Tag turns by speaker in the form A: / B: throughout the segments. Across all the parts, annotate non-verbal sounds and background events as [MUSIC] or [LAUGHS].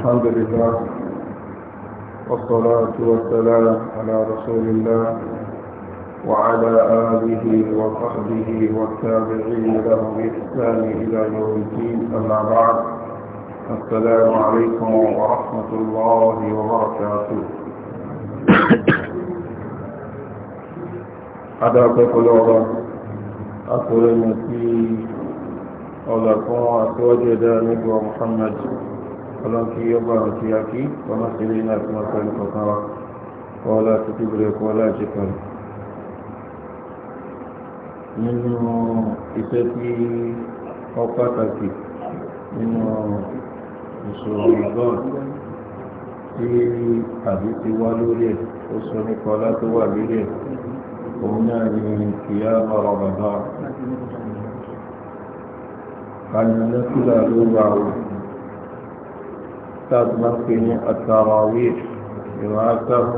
A: الحمد لله والصلاة والسلام على رسول الله وعلى آله وصحبه والتابعين له بإحسان إلى يوم الدين أما بعد السلام عليكم ورحمة الله وبركاته أدعوك الله أقول في أولاكم أتوجد نبوة محمد ọlọ́nkí ọba àti akí ọmọ sílé iná tí wọ́n pẹ̀lú kọ̀kan wa kọ́ọ̀lá ti ti bẹ̀rẹ̀ kọ́ọ̀lá ti pẹ̀lú nínú iṣẹ́ tí ọ pàtàkì nínú ìṣòro ìgbọ́n tí àbí ti wá lórí ẹ̀ ó sọ nípa ọlá tó wà lórí ẹ̀ òun náà ni ìyá ọ̀rọ̀ bàbá kanilẹ́kùlà ló wà ó tàbí máa pè ní àtàràwí ìwọ̀n àtàrà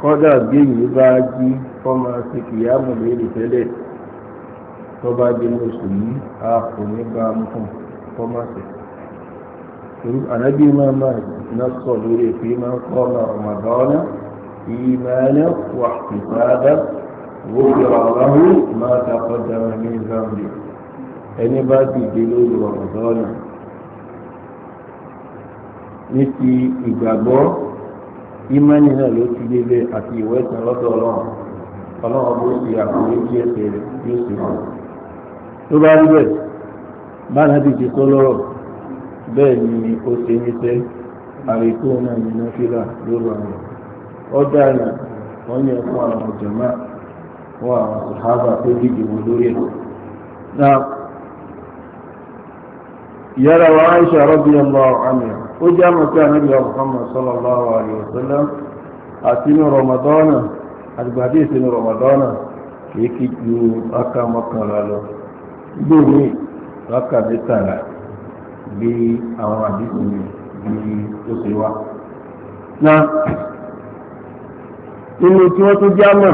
A: kọ́dà bí èyí bá jí fọ́mọ sí kìyàmù lérè tẹ́lẹ̀ tó bá jẹ́ mùsùlùmí a kò ní bá mú fún fọ́mọ sí ànábì máa máa nọ́sọ̀ lórí pé máa ń kọ́ ọmọ ọmọdọ́nà ìmọ̀ẹ́lẹ́ wà ìfàdà wọ́n fi ọ̀rọ̀ ọ̀hún máa tàkọ́ jẹ́ mi ní zambia ẹni bá sì dé lórí ọ̀rọ̀dọ́nà ní ti ìgbàgbọ́ ìmánì ló ti débẹ̀ àti ìwé ìtàn lọ́dọ̀ ọlọ́run ọlọ́run bó ṣe àkórí tí ẹsẹ̀ rẹ̀ yóò ṣe fún tó bá rí bẹ́ẹ̀ báyìí ti ti kọ́ bẹ́ẹ̀ ni ó ṣe níṣẹ́ àríkó náà ní nọ́fílà lórí wọ́n àwọn يرى وعائشة رضي الله عنها وجاء كان نبي محمد صلى الله عليه وسلم أتين رمضان أتبادي سن رمضان يكيجو أكا مكانا له دومي أكا بتانا بي أو عديثني بي أسوا نعم nínú tí wọ́n tó jámà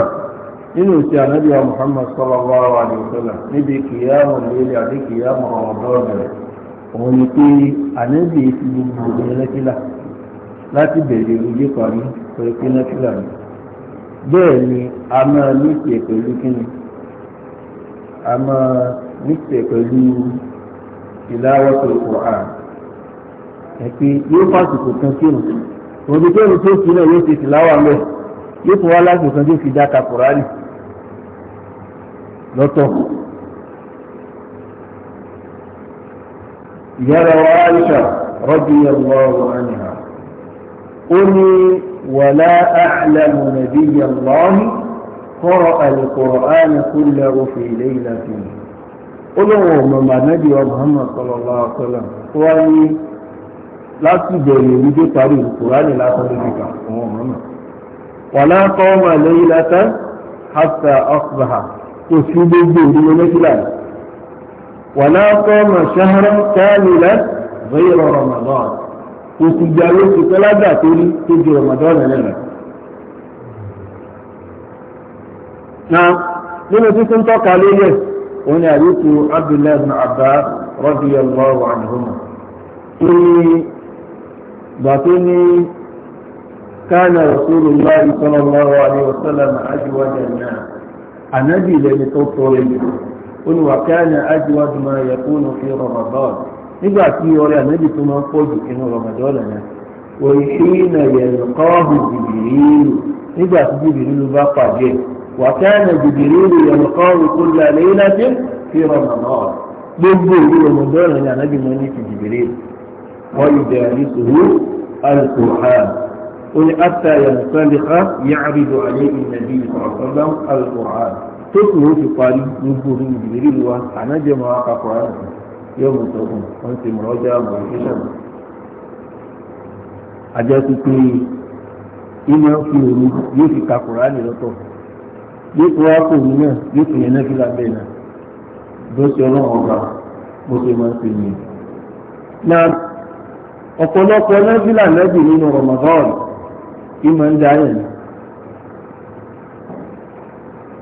A: nínú ìsì ànábìyà muhammad sallallahu alaihi wasallam níbi kìyàmù lórí àdékìyàmù ọ̀dọ́ rẹ̀ òun ni pé ànábì ti gbogbo obìnrin lẹ́kílà láti bẹ̀rẹ̀ ojú parí pẹ̀lú pé lẹ́kílà ni bẹ́ẹ̀ ni a máa níṣe pẹ̀lú kíni a máa níṣe pẹ̀lú ìláwọ́ tó kọ̀ à ẹ̀pẹ́ yóò fàṣìkò kan kí òun òun ti pé òun tó kí náà yóò ti tìláwà mẹ́ yóò fún wa lásìkò kan tó fi dá kakùrá nì يرى عائشة رضي الله عنها قلي ولا أعلم نبي الله قرأ القرآن كله في ليلة قلوا ما نبي محمد صلى الله عليه وسلم قلي لا تجري وجه تاريخ القرآن لا تجريك ولا قوم ليلة حتى أصبح تسيب الجهد من ولا صام شهرا كاملا غير رمضان وتجاوز ثلاثة تولي تجي رمضان لنا نعم لما تكون توقع ليه هنا يقول عبد الله بن عباس رضي الله عنهما باطني كان رسول الله صلى الله عليه وسلم أجود الناس النبي لم يتوصل olùwàkẹ́yàn ajíwájú máa yẹ kó nu fi Ramadan nígbà tí ọrẹ ànábì tó máa ń pọ̀ jù inú Ramadan lẹ́nà òyìnbó yẹn kọ́ọ̀hù jìbìrìlù nígbà tí jìbìrìlù bá pàdé wàkẹ́yàn jìbìrìlù yẹn kọ́ọ̀hù kó lálẹ́ ilájẹ́ fi Ramadan gbogbo ìlú Ramadan lẹ́nà ànábì máa tó kù ó ti parí gbogbo ìdílé wa ànájẹ máa kakọ̀ yóò mú tọ́kùn wọ́n ti mọ̀ ọjà mọ̀lẹ́kẹ́sà. àjọ ti pé iná fi òru yóò fi kakọ̀ ara nì lọ́tọ̀ yóò náà yẹn náà fi lábẹ́ na ọ̀pọ̀lọpọ̀ náà fi lànà jù nínú Ramadan ìmọ̀ ń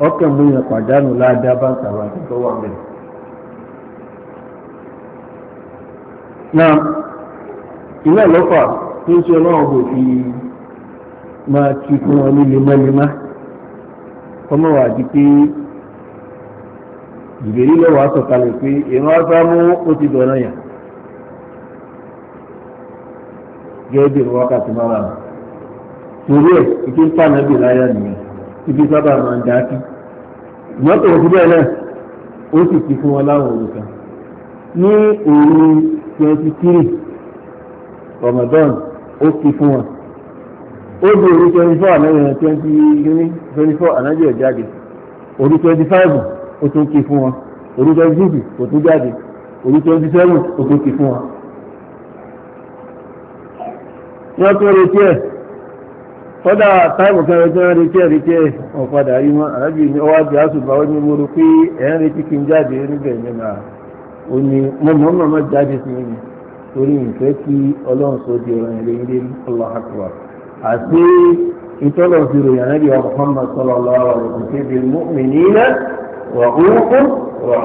A: ọkàn mú yẹn pàdánù ládàá bá ń sàrò àti tó wà bẹ́ẹ̀. náà ilé ọlọ́fà tó ń ṣe ọlọ́run bò fi máa ti fún wọn ní lemọ́lemọ́ kọ́mọ́ wà di pé ìbéèrè lọ́wọ́ àsọ̀kalẹ̀ pé ìran ásámú ó ti dọ̀nà yàn gẹ́gẹ́ bí wákàtí máa wà. torí ẹ̀ ìpínpá náà bì láyà nìyẹn ibi sábà máa ń dá sí ìyọ́n tó fi bẹ́ẹ̀ náà ó sì ti fún wọn láwọn òrùka ní òru twenty three Ramadan ó ti fún wọn ó di òru twenty four ànájọ twenty twenty four ànájọ jáde òru twenty five ó tún ti fún wọn òru twenty six kò tún jáde òru twenty seven ó tún ti fún wọn. wọ́n tún retí ẹ̀. kódà táìmù kan rẹ̀ tí wọ́n retí ẹ̀ retí a ọ̀padà rí wọn àrábì ní ọwọ́ àti àṣùbà ó ní mo pé ẹ̀ ń kí n jáde níbẹ̀ yẹn ó ní mo mọ̀ jáde sí torí di ọ̀rọ̀ ilé ọlọ́hàkùwà àti ìtọ́lọ̀ ròyìn wa Muhammad wa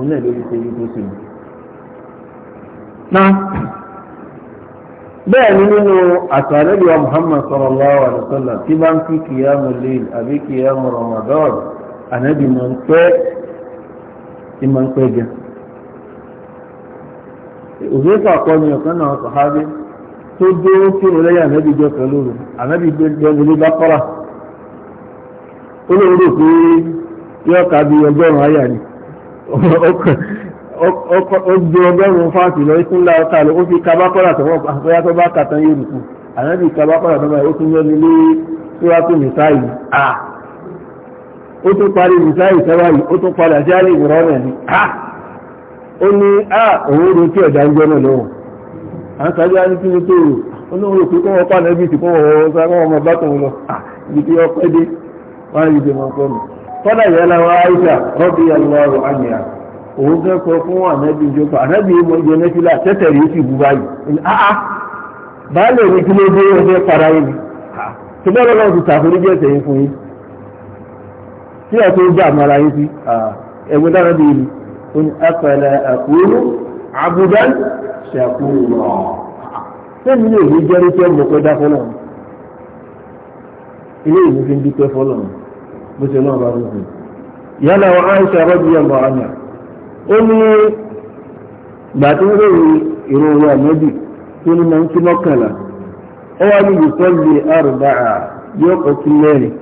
A: sallam ara náà bẹ́ẹ̀ ni nínú àtàrẹ́lì wa Muhammad sallallahu alaihi wasallam tí bá ń fi kìyàmù lèl àbí kìyàmù Ramadan ànábì máa ń pẹ́ tí máa ń pẹ́ jẹ òṣèlú àkọni ọ̀kan náà sàhábí tó dé ó kí ní lẹ́yìn ànábì jọ pẹ̀lú rẹ̀ ànábì jọ nílé bá ó lè rò pé yọ́ọ̀ka bíi ọgọ́rùn-ún àyà ni [LAUGHS] ó gbé ọgọ́rùn-ún fáàtì lọ ikú ńlá ọ̀tá lọ ó fi kabákọ́là tó wọ́n àfẹ́yà tó bá kàtàn yé rùkú ànábì kabákọ́là tó bá ó tún yẹ́ni lé síwájú ó tún parí ó tún padà sí ni ó ní à òun ń náà à ń kí ni tó rò ó ní òun òun fẹ́ kọ fún ànábì ìjọba ànábì ìmọ̀ ìjọ nẹ́fílà tẹ́tẹ̀ rí sí ìbúba yìí áá báyìí ah, ah, lè rí kí ló dé ẹgbẹ́ para yìí tó bẹ́ẹ̀ lọ́wọ́ ti tàforíjì ẹ̀ṣẹ̀ yìí fún yín tí ẹ̀ tó ń jà mara yìí sí ẹ̀gbọ́n dára bí ìlú ó ní afẹ́lẹ́ àkúrú abudan ṣàkúrú lọ. sẹ́mi lè rí jẹ́rí tẹ́ mọ̀ pé dáfọ́ náà ilé ìlú fi ń dúpẹ́ fọ́lọ́ bó ṣe náà bá rú yálà wọn àìsàn rọ́bì yẹn lọ àyàn onu ní ìgbà tí wọ́n rèé ìró wa ànábì tó ní máa ń kí mọ́kànlá ó wá ní ìsọ́lì àrùbáà yóò kọ́ kí mẹ́rin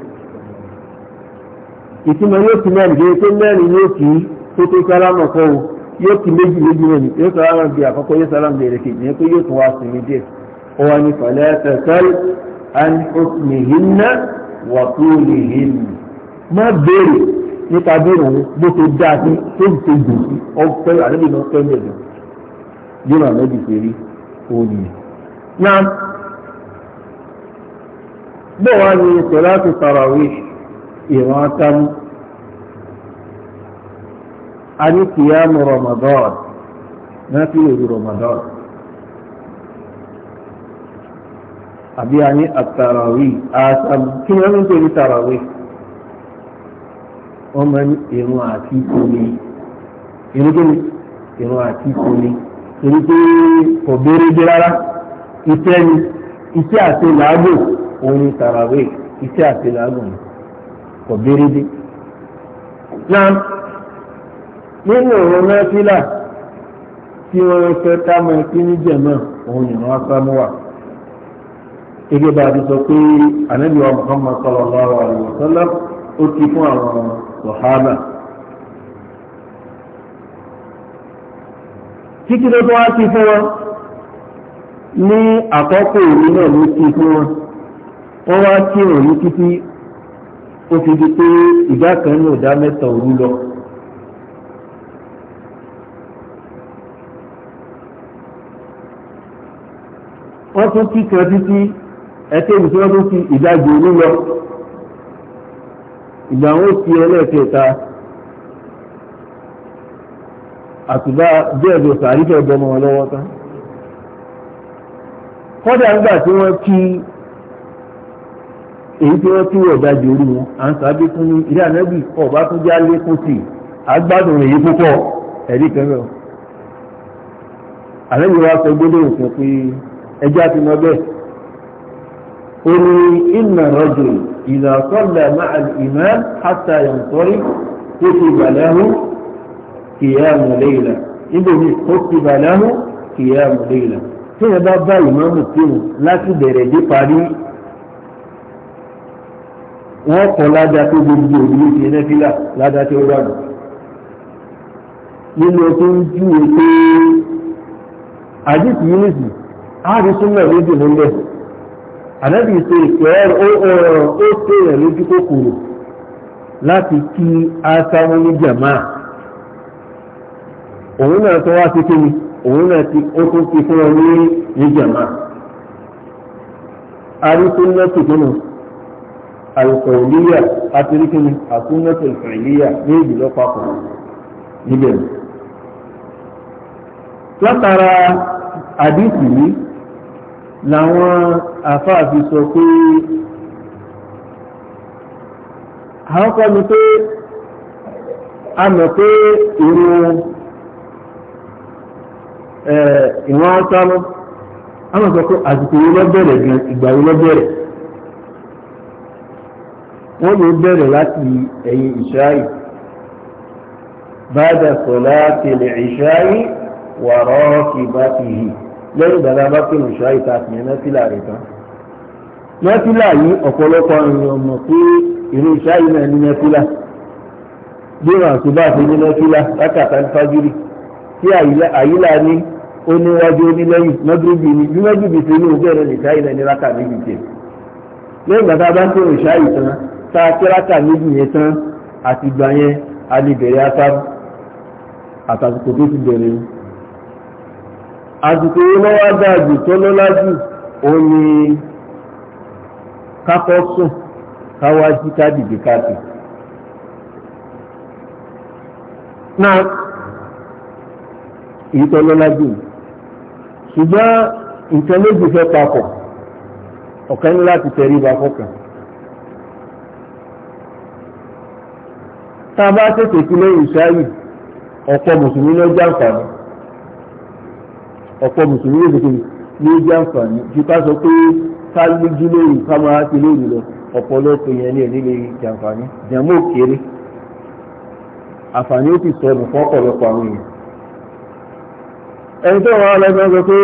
A: ìtumọ̀ yóò kí mẹ́rin kí pé mẹ́rin yóò kí tó tó sálámà kọ́ o yóò kí méjì méjì mẹ́rin yóò sálámà wa nípa bí òun bó ṣe dá sí tó ń ṣe dùn sí ọpẹ́ àlébì náà pẹ́ mẹ́jọ bí òun àlébì ṣe rí òun nìyẹn. na bó wá ní sọlá ti tarawih ìran atámú a ní kìyàmù Ramadan náà fi Ramadan àbí a ní àtàràwí àtàmú kí ni wọ́n ń pè ní tarawih wọ́n máa ní irun àti ìkóni irun tó ní irun àti ìkóni torí pé kò béèrè dé rárá iṣẹ́ ni iṣẹ́ àti làágùn òun ni tàràwé iṣẹ́ àti làágùn kò béèrè dé. náà nínú òun náà tí wọ́n fẹ́ ká mọ ní jẹ̀mọ́ òun ìran asámú wà. gẹ́gẹ́ bá a ti sọ pé ànábì wa Muhammad sallallahu alaihi wa sallam ó ti fún àwọn ọmọ sọ̀hábà títí ló tó wá sí fún wọn ní àkọ́kọ́ òní náà ló sí fún wọn wọ́n wá kí wọn ní títí ó fi di pé ìdá kan ní ọ̀dá mẹ́ta òru lọ wọ́n tún kí kan títí ẹ̀tẹ́ ìṣẹ́ wọ́n tún fi ìdájọ́ lọ ìgbà wọn ti ẹlẹ́ẹ̀kẹta àtùbá bẹ́ẹ̀bẹ̀ sàríkẹ́ bọmọ wọn lọ́wọ́ tán kọ́dà nígbà tí wọ́n kí èyí tí wọ́n kí wọ̀ dájú orí wọn à ń sábé fún ní ilé ànábì ọ̀bá tún já lékún sí agbádùn èyí púpọ̀ ẹ̀rí kẹrẹ ànábì wa sọ gbólóhùn fún pé ẹjẹ́ àti mọ bẹ́ẹ̀ قل إن الرجل إذا صلى مع الإمام حتى ينصرف كتب له قيام ليلة إذن كتب له قيام ليلة tí ẹ bá bá ìmáàmù kírun láti bẹ̀rẹ̀ dé parí wọ́n kọ́ ládá tó gbogbo òbílẹ̀ ti nẹ́fílà ládá tó rọrùn nínú tó ń jú ètò àdìsí yúnísì àrísúnmọ̀ méjì nílẹ̀ ànábì ṣe ìpẹ́ ó ṣèyàn lójú kòkòrò láti kí asáwọn ní jàmá òun náà tó wá sí kíni òun náà ti ó tún ti fún ọ ní ní jàmá arísúnnàtì kínú alkọ̀ọ̀líyà àtiríkínú àsúnnàtì ìfẹ̀líyà ní ìjìlọ papọ̀ níbẹ̀ látara àdìsí yìí làwọn àfáà sọ pé àwọn kọ́ ni pé a mọ̀ pé ìrun ìwọ̀n ọ̀tọ́rọ̀ a mọ̀ sọ pé àsìkò yìí lọ́bẹ̀rẹ̀ gan ìgbà yìí lọ́bẹ̀rẹ̀ wọ́n lè bẹ̀rẹ̀ láti ẹ̀yìn ìṣáì bá dà sọ̀lá tẹ̀lẹ̀ wà rọ́ọ̀kì bá ti lẹ́yìn ìgbàlá bá pè nìṣọ́ àìta àtìyàn nọ́fìlà rẹ̀ tán nọ́fìlà yìí ọ̀pọ̀lọpọ̀ èèyàn mọ̀ pé èrè ìṣá yìí náà ní nọ́fìlà bí wọn àti bá ṣe ní nọ́fìlà lákàtà fájírì tí àyílà ní ó níwájú ó ní lẹ́yìn mọ́gírìbì ni bí mọ́gírìbì ṣe ní ogún ẹ̀rọ ìṣá yìí náà ní rákà méjì jẹ lẹ́yìn ìgbàlá bá pè nìṣọ́ àìtàn tá a kí rákà méjì yẹn tán àtìgbà yẹn a lè àtàkùn tó ti bẹ̀rẹ̀ yìí àsìkò iná wá dáàjù tó lọ́lájù òun ni kákọ́ sùn káwá sí kádìdì káàkiri náà èyí tó lọ́lájù ṣùgbọ́n nǹkan méjì fẹ́ papọ̀ ọ̀kan ní láti tẹríba fọ́kàn tá a bá tètè sí lẹ́yìn ìṣáyì ọ̀pọ̀ mùsùlùmí lọ́jọ́ àǹfààní ọ̀pọ̀ mùsùlùmí yóò dìde ní ó jẹ́ àǹfààní ju ká sọ pé ká lójú lóru ká máa ti lóru lọ ọ̀pọ̀lọpọ̀ yẹn ní ẹ̀ní lè jẹ àǹfààní jẹ̀mọ́ òkèèrè àǹfààní ó ti sọnù fún ọ̀pọ̀lọpọ̀ àwọn èèyàn ẹni tó wọn alẹ́gbẹ́ sọ pé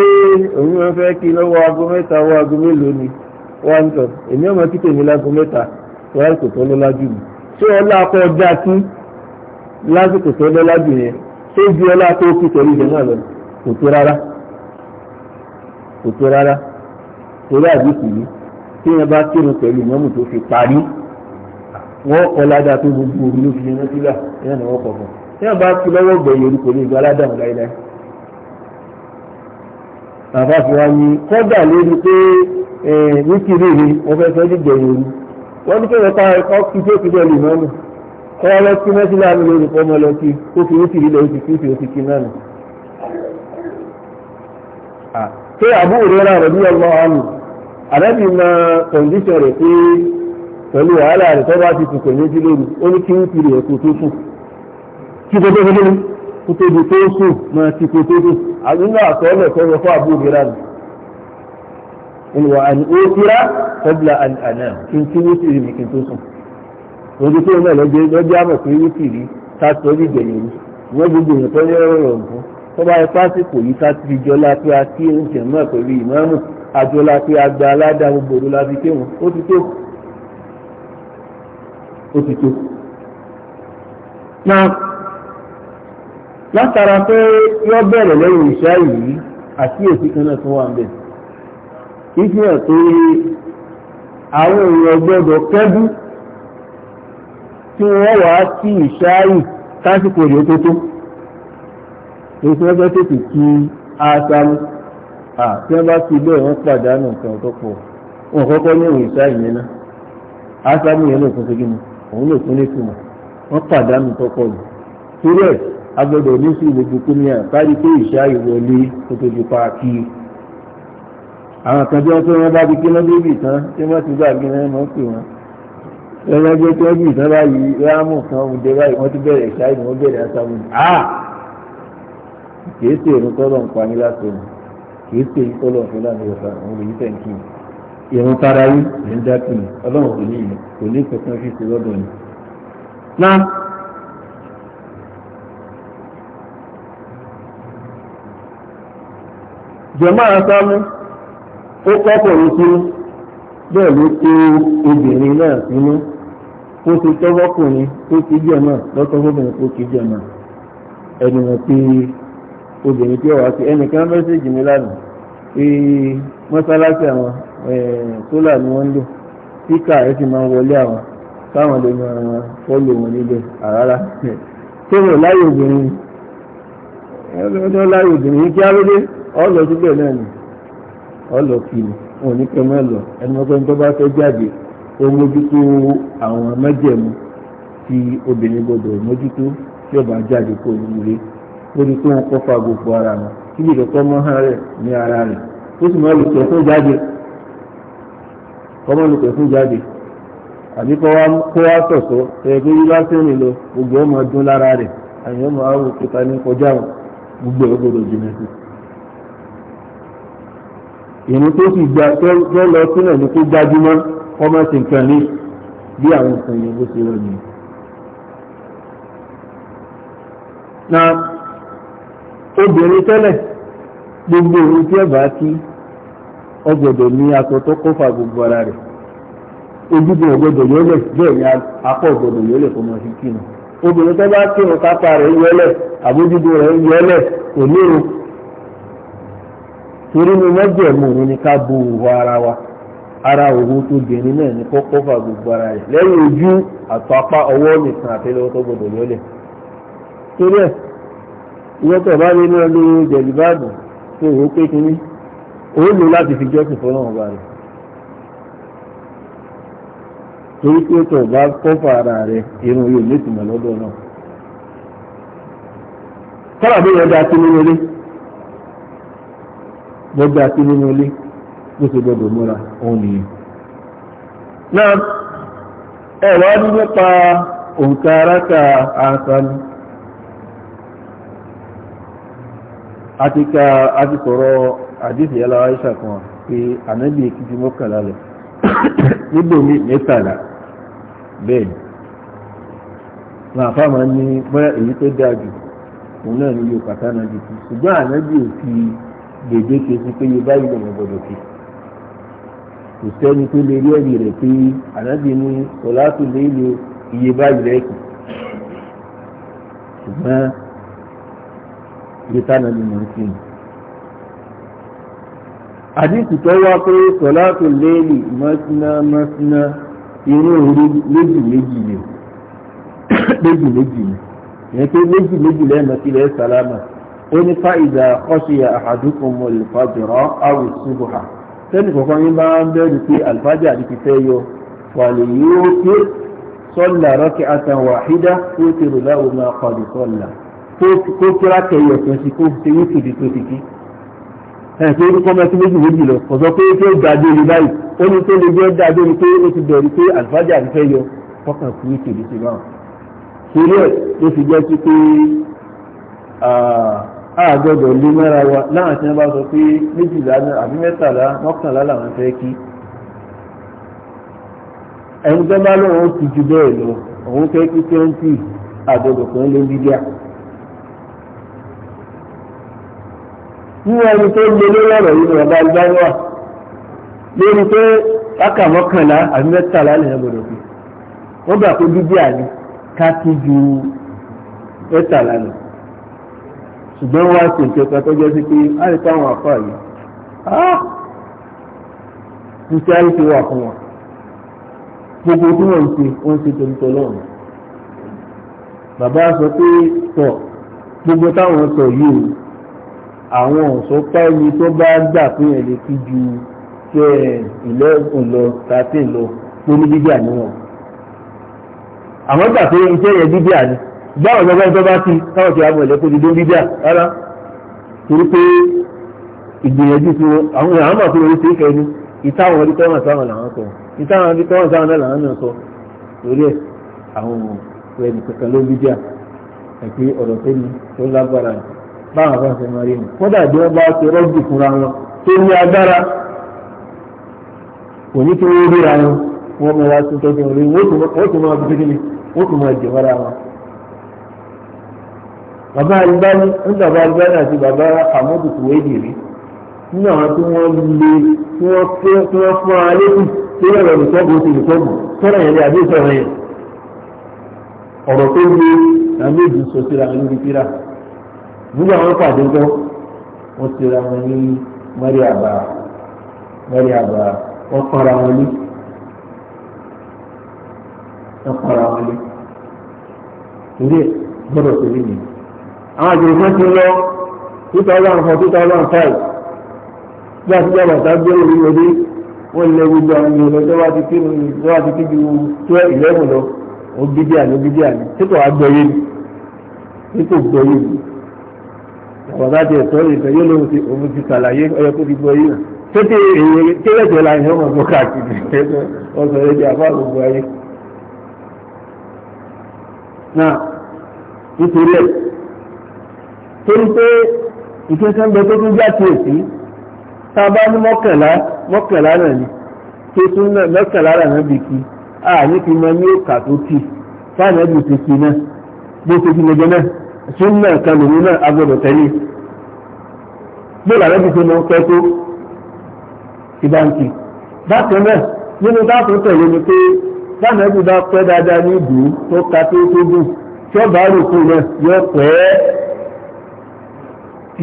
A: òun máa fẹ́ kí lọ́wọ́ aago mẹ́ta wọ aago mélòó ni wọ́n tọ̀ èmi ọmọ kí tèmi láago mẹ́ta wọ́n kò jù mí ṣé ọlá akọ ọjà kò tó rárá torí àdìsí yìí tí wọ́n bá kírun pẹ̀lú ìmọ̀mù tó fi parí wọ́n kọ́ ládàá tó gbogbo orí ló fi yẹn sílà ìyá ni wọ́n kọ̀ fún tí wọ́n bá fi lọ́wọ́ gbẹ̀yẹ̀ orí kò ní gba ládàá wọn láéláé. bàbá fi wá ní kọ́dà lórí pé ní kiri rí wọ́n fẹ́ fẹ́ dìgbẹ̀yẹ̀ orí wọ́n ní kéwọ́n ká ẹ̀kọ́ kí tó fi bẹ́ẹ̀ lè mọ́mù kọ́ lọ sí mẹ́sílà mi lórí kọ́ mọ́ lọ sí kó fi ní kiri lọ sí kí ó fi kí náà pé àbú òrera rẹ̀ bí ọlọ́ àmì àrẹ́bì mọ kọ̀ǹdíṣọ̀ rẹ̀ pé pẹ̀lú wàhálà rẹ̀ tó bá ti ti pẹ̀lú ojú lóru ó ní kí ń fi rẹ̀ kò tó sùn kí tó tó tó kó tó di tó sùn mọ ti kò tó sùn àdúgbò àkọọ́lẹ̀ tó yẹ fún àbú òrera rẹ̀ ìwà àni ó kíra kọ́bla àná kí n tí wítìrì mi kí n tó sùn ojú tó náà lọ́jọ́ àmọ̀ pé wítìrì ká sọ ní ìgbẹ̀yìn wọ́n gbogbo ìyẹn tó yẹ ọ̀rọ̀ ọ̀hún tó bá ipá sí kò yí ká ti jọlá pé a kí oúnjẹ mọ́ pẹ̀lú ìmáàmù àjọlá pé a aládá gbogbo òru la fi ké wọn ó ti tó ó ti tó. náà látara pé wọ́n bẹ̀rẹ̀ lẹ́yìn ìṣá yìí àkíyèsí kan náà tún wà ń bẹ̀. ìfihàn pé àwọn èèyàn gbọ́dọ̀ kẹ́dú tí wọ́n wàá kí ìṣá yìí tásìkò rèé tó tó èyí tí wọ́n fẹ́ tètè kí ásámú à tí wọ́n bá fi bẹ́ẹ̀ wọ́n pàdánù nǹkan tó pọ̀ wọn kọ́kọ́ ní òun ìṣá ìyẹn náà ásámú yẹn lòkun ṣe gíní òun lòkun ní ìtumọ̀ wọ́n pàdánù tó pọ̀ jù torí ẹ̀ agbọ́dọ̀ ní sí ìlú gbogbo ní àkárí pé ìṣá ìwọlé tó tó ju paaki àwọn kan jẹ́ pé wọ́n bá di kí wọ́n débì tán tí wọ́n ti gbàgbé wọn mọ́ pè wọ́n ẹgbẹ́ jẹ́ pé wọ́n bì tán báyìí rámù kan òde báyìí wọ́n ti bẹ̀rẹ̀ ìṣá ìwọ̀n bẹ̀rẹ̀ ásámú Ah kìí ṣe ìrun tọ́lọ̀ ń pa ní láti ọ̀nà kìí ṣe ìrun tọ́lọ̀ fún láti ọ̀sà àwọn olùyí tẹ̀ǹkì ìrun tara yí ní ń dákì ní ọlọ́run kò ní ìlú kò ní kankan fi ṣe lọ́dọ̀ ni. na jọ̀mọ́ àṣàmú ó kọ́kọ́ ní sínú bẹ́ẹ̀ ló tó obìnrin náà sínú ó ti tọ́wọ́kùnrin tó kí jẹ́ náà lọ́tọ́wọ́bìnrin tó kí jẹ́ náà ẹnu wọn pé obìnrin tí ó wá sí ẹnìkan mẹ́sẹ̀jì mi lánàá ee mọ́sálásí àwọn sólà ni wọ́n ń lò píkà ẹ sì máa ń wọlé àwọn táwọn lè máa fọ́lò wọn níbẹ̀ àrárá tó rò láyé obìnrin ẹgbẹ́ láyé obìnrin kí á lóde ọlọ síbẹ̀ náà ni ọlọ kìlì wọn ní kẹmọ ẹlọ ẹni wọn pẹ́ni tó bá fẹ́ jáde ó mójútó àwọn mẹ́jẹ̀mú tí obìnrin gbọdọ̀ mójútó tí ó bá jáde kó nínú ilé. lórí pé wọn kọ́ gbogbo ara wọn kí lè kọ́ mọ́ hàn rẹ̀ ní ara rẹ ó sì máa lùkẹ́ fún jáde kọ́mọ́ lùkẹ́ fún jáde àbí kọ́ wá sọ̀sọ́ ẹgbẹ́ yíyá sẹ́yìn lọ gbogbo ọmọ dún lára rẹ̀ àyìn ọmọ àwọn òkúta ní kọjá wọn gbogbo ẹ̀ gbọdọ̀ jìnà sí. ìní tó obìnrin tẹ́lẹ̀ gbogbo òun tí ẹ̀bà kí ọgbọ̀dọ̀ ní aṣọ kọfà gbogbo ara rẹ̀ ojúbọ̀ ọgbọ̀dọ̀ yọlẹ̀ bẹ́ẹ̀ ni apọ̀ ọgbọ̀dọ̀ yọlẹ̀ sí obìnrin bá rẹ̀ yọlẹ̀ àbójúbọ rẹ̀ yọlẹ̀ kò ni òun ni ká ara wa ara òwò tó bìnrin náà gbogbo ara rẹ̀ lẹ́yìn ojú àtọ́ apá ọwọ́ nìkan tó gbọdọ̀ yọlẹ̀ ìwọ́tọ̀ bá lé náà ló jẹ̀lú báàbù tó wò ó pé kínní ó lò láti fi jọ́sìn fọ́nà ọba rẹ̀ torí pé tó bá kọ́fà ara rẹ̀ irun yóò nítumọ̀ lọ́dọ̀ náà kọ́lá bí wọ́n dá sí nínú ilé wọ́n dá sí nínú ilé bó ṣe gbọ́dọ̀ múra òun nìyẹn náà ẹ̀rọ nípa òǹkà aráta àǹfààní àti ká àti sọ̀rọ̀ àdìsí yàrá aisha kan pé ànábì èkìtì mọ́kànlá lọ nígbò mí mẹ́tàlá bẹ́ẹ̀ ni màá fáwọn máa ní bóyá èyí tó dáa jù òun náà ní yóò pàtàkì náà jù ṣùgbọ́n ànábì ò fi gbèdéke sí pé yóò báyìí lọ́mọ gbọdọ̀ kí kò sẹ́ni tó lè rí ẹ̀rí rẹ̀ pé ànábì ní sọ̀lá lo iye báyìí rẹ̀ kù ṣùgbọ́n ibi tá nàbí mọ̀ sí i. àdìsí tó wá pé sọ̀láàtò léèlì mọ́síná mọ́síná inú òru méjì méjì ni méjì méjì ni ìyẹn pé méjì méjì lẹ́ẹ̀mọ́ sí ilẹ̀ sálámà ó ní fáìdà ọ̀ṣìyà àhàdùkùn mọ̀ lè fàjọ̀rọ̀ àwòsùbùhà sẹ́ni kọ̀ọ̀kan yín bá ń bẹ̀rù pé àlùfájà àti ti fẹ́ yọ wàlẹ̀ yóò ké صلى ركعة واحدة توتر له ما قد صلى kó kíra kẹyọ kan sí kó ṣe wí tòdì tó ti kí ẹ̀ pé orúkọ mẹ́tí méjì méjì lọ ọ̀sọ́ pé tí ó dáadé ní báyìí ó ní tó lè jẹ́ dáadé ní pé ó ti bẹ̀rù pé àlùfáàjà ń fẹ́ yọ fọkàn sí tòdì tó báwọn. torí ẹ̀ ló fi jẹ́ sí pé àgbọ̀dọ̀ lé mẹ́ra wa láwọn tí wọ́n bá sọ pé méjìlá àbí mẹ́tàlá mọ́kànlá làwọn fẹ́ kí ẹni tó bá lóun ti ju bẹ́ẹ̀ lọ òun fẹ́ kí twenty àgbọ̀dọ̀ kan lé ní díà nwa ẹni tó lé lórí ọ̀rọ̀ yìí ọba agbára lórí pé wákà mọ́kànlá àbí mẹ́tàlá lè gbọdọ̀ fi wọ́n gbà pé bíbí àní ká tún ju mẹ́tàlá lọ ṣùgbọ́n wá sí nǹkan kan tó sí pé á lè yìí á lè fi wà fún wọn gbogbo tí wọ́n ń ṣe àwọn òṣòpá ẹni tó bá gbà pé ẹ̀ lè fi ju ṣe eleven lọ thirteen lọ tó ní bíbí àníwọ̀n àmọ́ gbà pé iṣẹ́ yẹn bíbí àní báwọn ọ̀gbọ́n tó bá ti káwọn ti àmọ̀ ẹ̀lẹ́kọ́ dídó bíbí à rárá torí pé ìgbìyànjú tí àwọn èèyàn mọ̀ pé orí ṣe é kẹ́ni ìtàwọn orí tọ́wọ̀n sáwọn làwọn sọ ìtàwọn orí tọ́wọ̀n sáwọn náà làwọn náà sọ lórí ẹ̀ àwọn ẹnì kankan ló bíbí à ẹ̀pẹ́ ọ̀rọ̀ tó ní tó lágbára yìí báwọn kan ṣe máa rí wọn kódà bí wọ́n bá ṣe rọ́jù fúnra wọn tó ní agbára kò ní kí wọ́n ríra wọn wọ́n máa wá sí tọ́jú wọn lórí wọ́n tún máa bí kíni wọ́n tún máa jẹ̀wọ́ra wọn. bàbá alibani ń bàbá alibani àti bàbá hamudu kuwaiti rí nínú àwọn tí wọ́n lé tí wọ́n fún ara lẹ́kùn tí wọ́n lọ nìkọ́bù ó ti nìkọ́bù sọ́rọ̀ yẹn ni àbí sọ̀rọ̀ yẹn ọ̀rọ̀ tó gbé làmẹ́jì sọ síra lórí pírà nígbà wọn pàdé gbọ́ wọ́n ti ra wọn ní mẹ́rìàbà mẹ́rìàbà wọ́n kọ́ra wọn lé wọ́n kọ́ra wọn lé ilé gbọ́dọ̀ tó lé nìyí. àwọn àjòyè kan ti lọ two thousand four two thousand five bí a ti jẹ́ bàtà gbé orí orí wọ́n lé gbogbo àwọn ènìyàn lọ lọ́wọ́ ti kí lọ́wọ́ ti kí ju twelve eleven lọ ó bídíà ló ní tí kò wá gbọ́ yé ni tí kò gbọ́ yé ọ̀dá tiẹ̀ sọ ìfẹ́ yóò lóun ti òun ti ṣàlàyé ọyọ tó ti gbọ́ yìí tó ti èyí kéwẹ́jọ la ìyẹn wọn bọ́ káàkiri ọ̀sọ̀ rẹ̀ di àbá gbogbo ayé. náà nítorí ẹ̀ torí pé ìkẹ́kẹ́ ń bẹ tó tún jáde èsì tá a bá ní mọ́kànlá mọ́kànlá náà ni tó tún mọ́kànlá náà bì kí àní fi mọ ní òkà tó kì fáànà ẹ̀dùn ti kì náà bó ṣe kí lọ́jọ́ náà súnmọ́ kan lòun náà agbọ́dọ̀ tẹ́lẹ̀ gbọ́dọ̀ àrẹ́bí tó mọ pẹ́ tó ti bá ń kì bákan náà nínú dáàtò tẹ̀lé ni pé báwọn ẹbí bá pẹ́ dáadáa ní ìdú tó ka tó tó dùn tí ó bá rò fún náà yọ pẹ́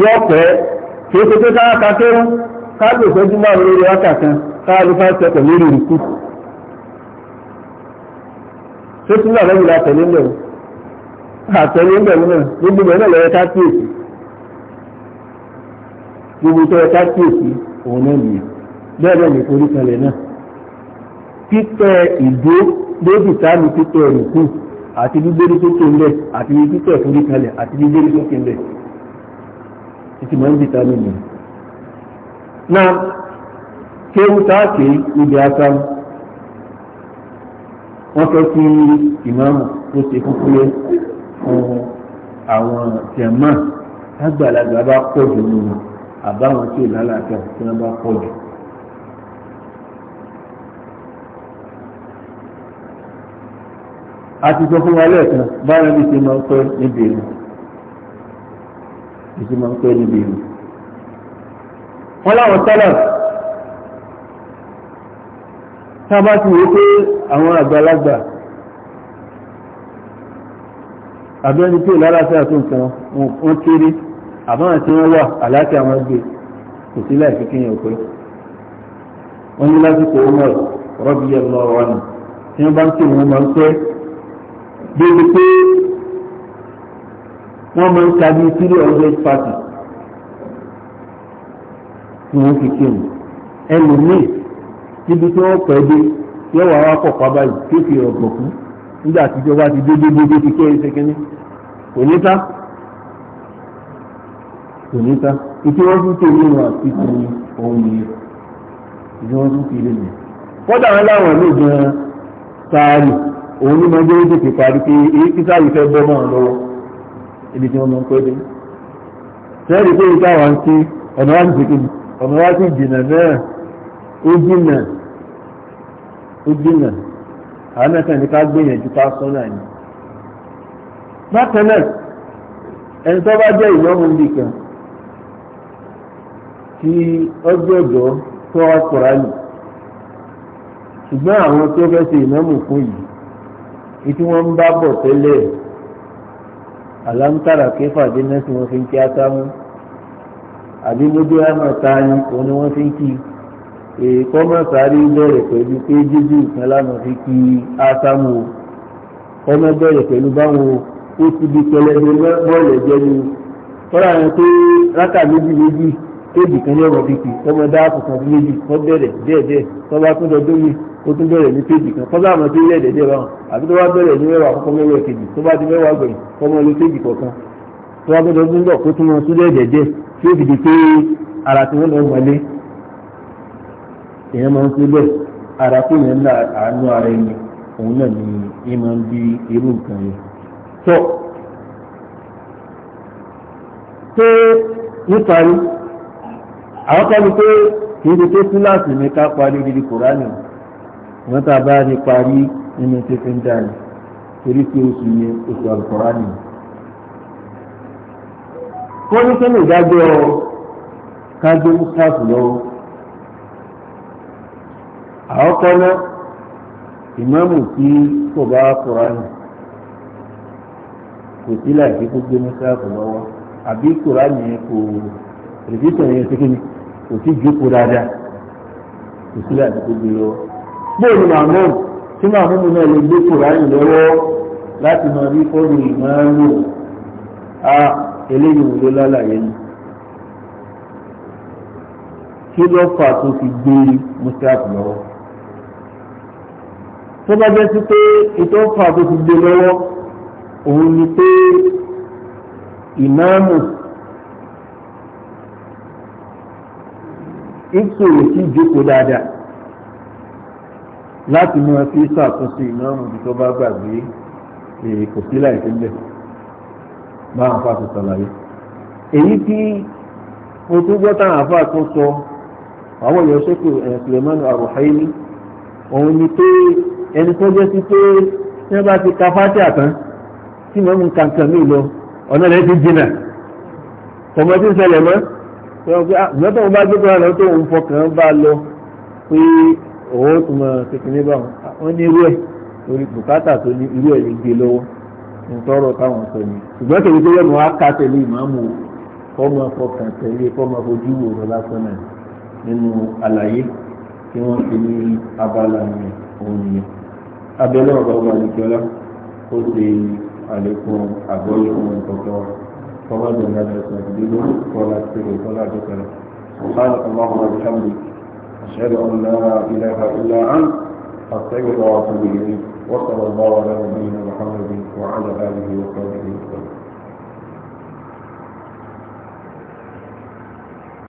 A: yọ pẹ́ kí ó ṣe pé káwá ka kéwú ká lè fẹ́ jùmọ̀ àwọn olórí wákà kan káwá ló fẹ́ sẹ́kọ̀ lórí ìrìkú. tó túnbọ̀ àrẹ́bí la tẹ̀lé lẹ́wọ̀n àtẹ̀lé ń bẹ̀rù náà gbogbo ìgbà náà lọ́yẹ kákíyèsí gbogbo tó yẹ kákíyèsí òun náà nìyẹn bẹ́ẹ̀ náà ní forí kanlẹ̀ náà títẹ ìdó lójú táàmì títẹ ìrùkú àti gbígbérí sókè ńlẹ̀ àti títẹ forí kanlẹ̀ àti gbígbérí sókè ńlẹ̀ títí máa ń dì táàmì nìyẹn. náà kéwù táàkì ibi asámu wọ́n fẹ́ kí ìmáàmù ó ṣe fúnfúyẹ́ fún àwọn jẹ̀mọ́ lágbàlagbà bá pọ̀ jù nínú àbáwọn tí ò lálàáfíà tí wọ́n bá pọ̀ jù. a ti sọ fún wa lẹ́ẹ̀kan báyọ̀ bí ṣe máa ń pẹ́ níbi ìlú bí ṣe máa ń pẹ́ níbi ìlú. wọ́n láwọn sálà tá a bá ti wò ó pé àwọn àgbàlagbà àbí ẹni tí ìlàláfíà tó nǹkan wọn kéré àbáwọn tí wọ́n wà àlàáfíà wọn gbé kò sí láì kíkẹ́ yẹn pé wọ́n ní lásìkò Umar radiyallahu anhu tí wọ́n bá ń kírun wọn máa ń pẹ́ débi pé wọ́n máa ń ka bí three hundred party tí wọ́n fi kírun ẹlòmíì níbi tí wọ́n pẹ́ dé yẹ́wàá wá pọ̀ pa tó fi ọ̀gbọ̀n fún nígbà tí ìjọba ti dé dé dé ti kéré ṣe kínní kò ní ta kò ní ta ìtí wọ́n tún tèmi wọn àti ti ohun yìí ìtí wọ́n tún tèmi wọn. kọ́dà wọn láwọn ìlú gan-an sáárì òun ní máa ń gbé tètè parí pé èyí tí sáárì fẹ́ bọ́ mọ́ ọ lọ́wọ́ ibi tí wọ́n máa ń pẹ́ dé. sẹ́ẹ̀rì pé ìta wà ń ṣe ọ̀nà wá ti ṣe ọ̀nà wá ti jìnnà náà ó jìnnà ó jìnnà àwọn mẹ́ta ní ká gbìyànjú ká sọ náà ni bákan náà ẹni tó bá jẹ́ ìyọ́mù bì kan tí ọjọ́ ọ̀dọ́ tó wá kùránì ṣùgbọ́n àwọn tó fẹ́ ṣe ìmọ̀mù fún yìí ìtí wọ́n ń bá bọ̀ tẹ́lẹ̀ alámútàrà kéfà dé náà tí wọ́n fi ń kí átámú àbí mójú àmọ̀ ta ni òun ni wọ́n fi ń kí i èèkọ́ mọ́sàárì bẹ̀rẹ̀ pẹ̀lú pé jíjù kan lánàá fi kí ásámù ọmọ bẹ̀rẹ̀ pẹ̀lú báwọn ó ti di pẹlẹbẹ bọ́ọ̀lù ẹ̀jẹ̀ ni tọ́lá yẹn pé rákà méjì méjì kébì kan ní ọ̀rọ̀ fífi ọmọ dáàbò kan fún méjì kọ́ bẹ̀rẹ̀ díẹ̀díẹ̀ tọ́ bá tún dọdún mi ó tún bẹ̀rẹ̀ ní kébì kan kọ́ bá tó yẹ̀ dẹ̀dẹ̀ báwọn àbí tó bá bẹ̀rẹ̀ ní mẹ́wàá kọ́kọ́ mẹ́wàá kejì tó bá di mẹ́wàá gbẹ̀yìn kọ́ mọ́ lé kọ̀ọ̀kan tó bá tún dọdún bọ̀ kó tún wọn tún dẹ̀dẹ̀ tí ó fi di pé ara tí wọ́n lọ wọlé èèyàn máa ń fi bẹ́ẹ̀ ara tó yẹn ńlá àánú ara ẹni òun náà ni ẹ máa ń bí irú nǹkan yẹn. tó ṣé níparí àwọn kan ní pé kì í ṣe pé kíláàsì mi ká parí gidi kùránì wọn tá a bá ní parí nínú títí ń dání torí pé oṣù yẹn oṣù àlùkùránì. wọ́n ní ni ìdájọ́ kájọ́ mustapha lọ́wọ́. àkọ́kọ́ náà ìmáàmù tí kò bá kùránì kò sí láìsí kó gbé mọ́sáàfù lọ́wọ́ àbí kùránì yẹn kò rìbítọ̀ yẹn síkí ni kò sí jókòó dáadáa ni ma láìsí kó ma lọ́wọ́. bóòlù màmú tí màmú náà lè a eléyìí wúlò lálàyé ni tó bá jẹ́ sí pé ètò ọ̀fà tó ti gbé lọ́wọ́ òun ni pé ìmáàmù ìṣòro sí ìjókòó dáadáa láti mú ẹfí ṣàtúnṣe ìmáàmù bí tó bá gbàgbé kò sí láìpẹ́ ńlẹ̀ máa ń fàtò sàlàyé èyí tí mo tún gbọ́ táwọn àfáà tó sọ àwọn èèyàn ṣépè ẹ̀ eh, òun ni pé ẹni tó jẹ́ sí pé tí wọ́n bá ti ka fáṣẹ́ àtán tí wọ́n mú kankan mí lọ ọ̀nà rẹ̀ ti jìnà tọmọ tí ń ṣẹlẹ̀ mọ́ ah, ìgbà tó ń bá gbé kan lọ tó ń fọkàn bá lọ pé òun ó túnmọ̀ kékeré bá wọn ah, ní irú ẹ̀ lórí bùkátà tó ní irú ẹ̀ gbé lọ́wọ́ ntọrọ táwọn sọ ni ṣùgbọ́n tèmi tó yẹnu wá tẹ̀lé ìmáàmù kọ́mọ fọkàn tẹ̀lé kọ́mọ fojú wò lásán náà nínú àlàyé tí wọ́n ti ní abala yẹn òun yẹn. abẹ́lẹ́ ọ̀gá ọba àdìgbọ́lá ó ṣe àlékún àgbọ́yé ohun ìkọ̀kọ̀ kọ́mọ́ ìdọ̀nà ẹ̀sìn àdìgbò سبحانك اللهم وبحمدك أشهد أن لا إله إلا أنت أستغفرك وأتوب إليك وصلى الله على نبينا محمد وعلى آله وصحبه وسلم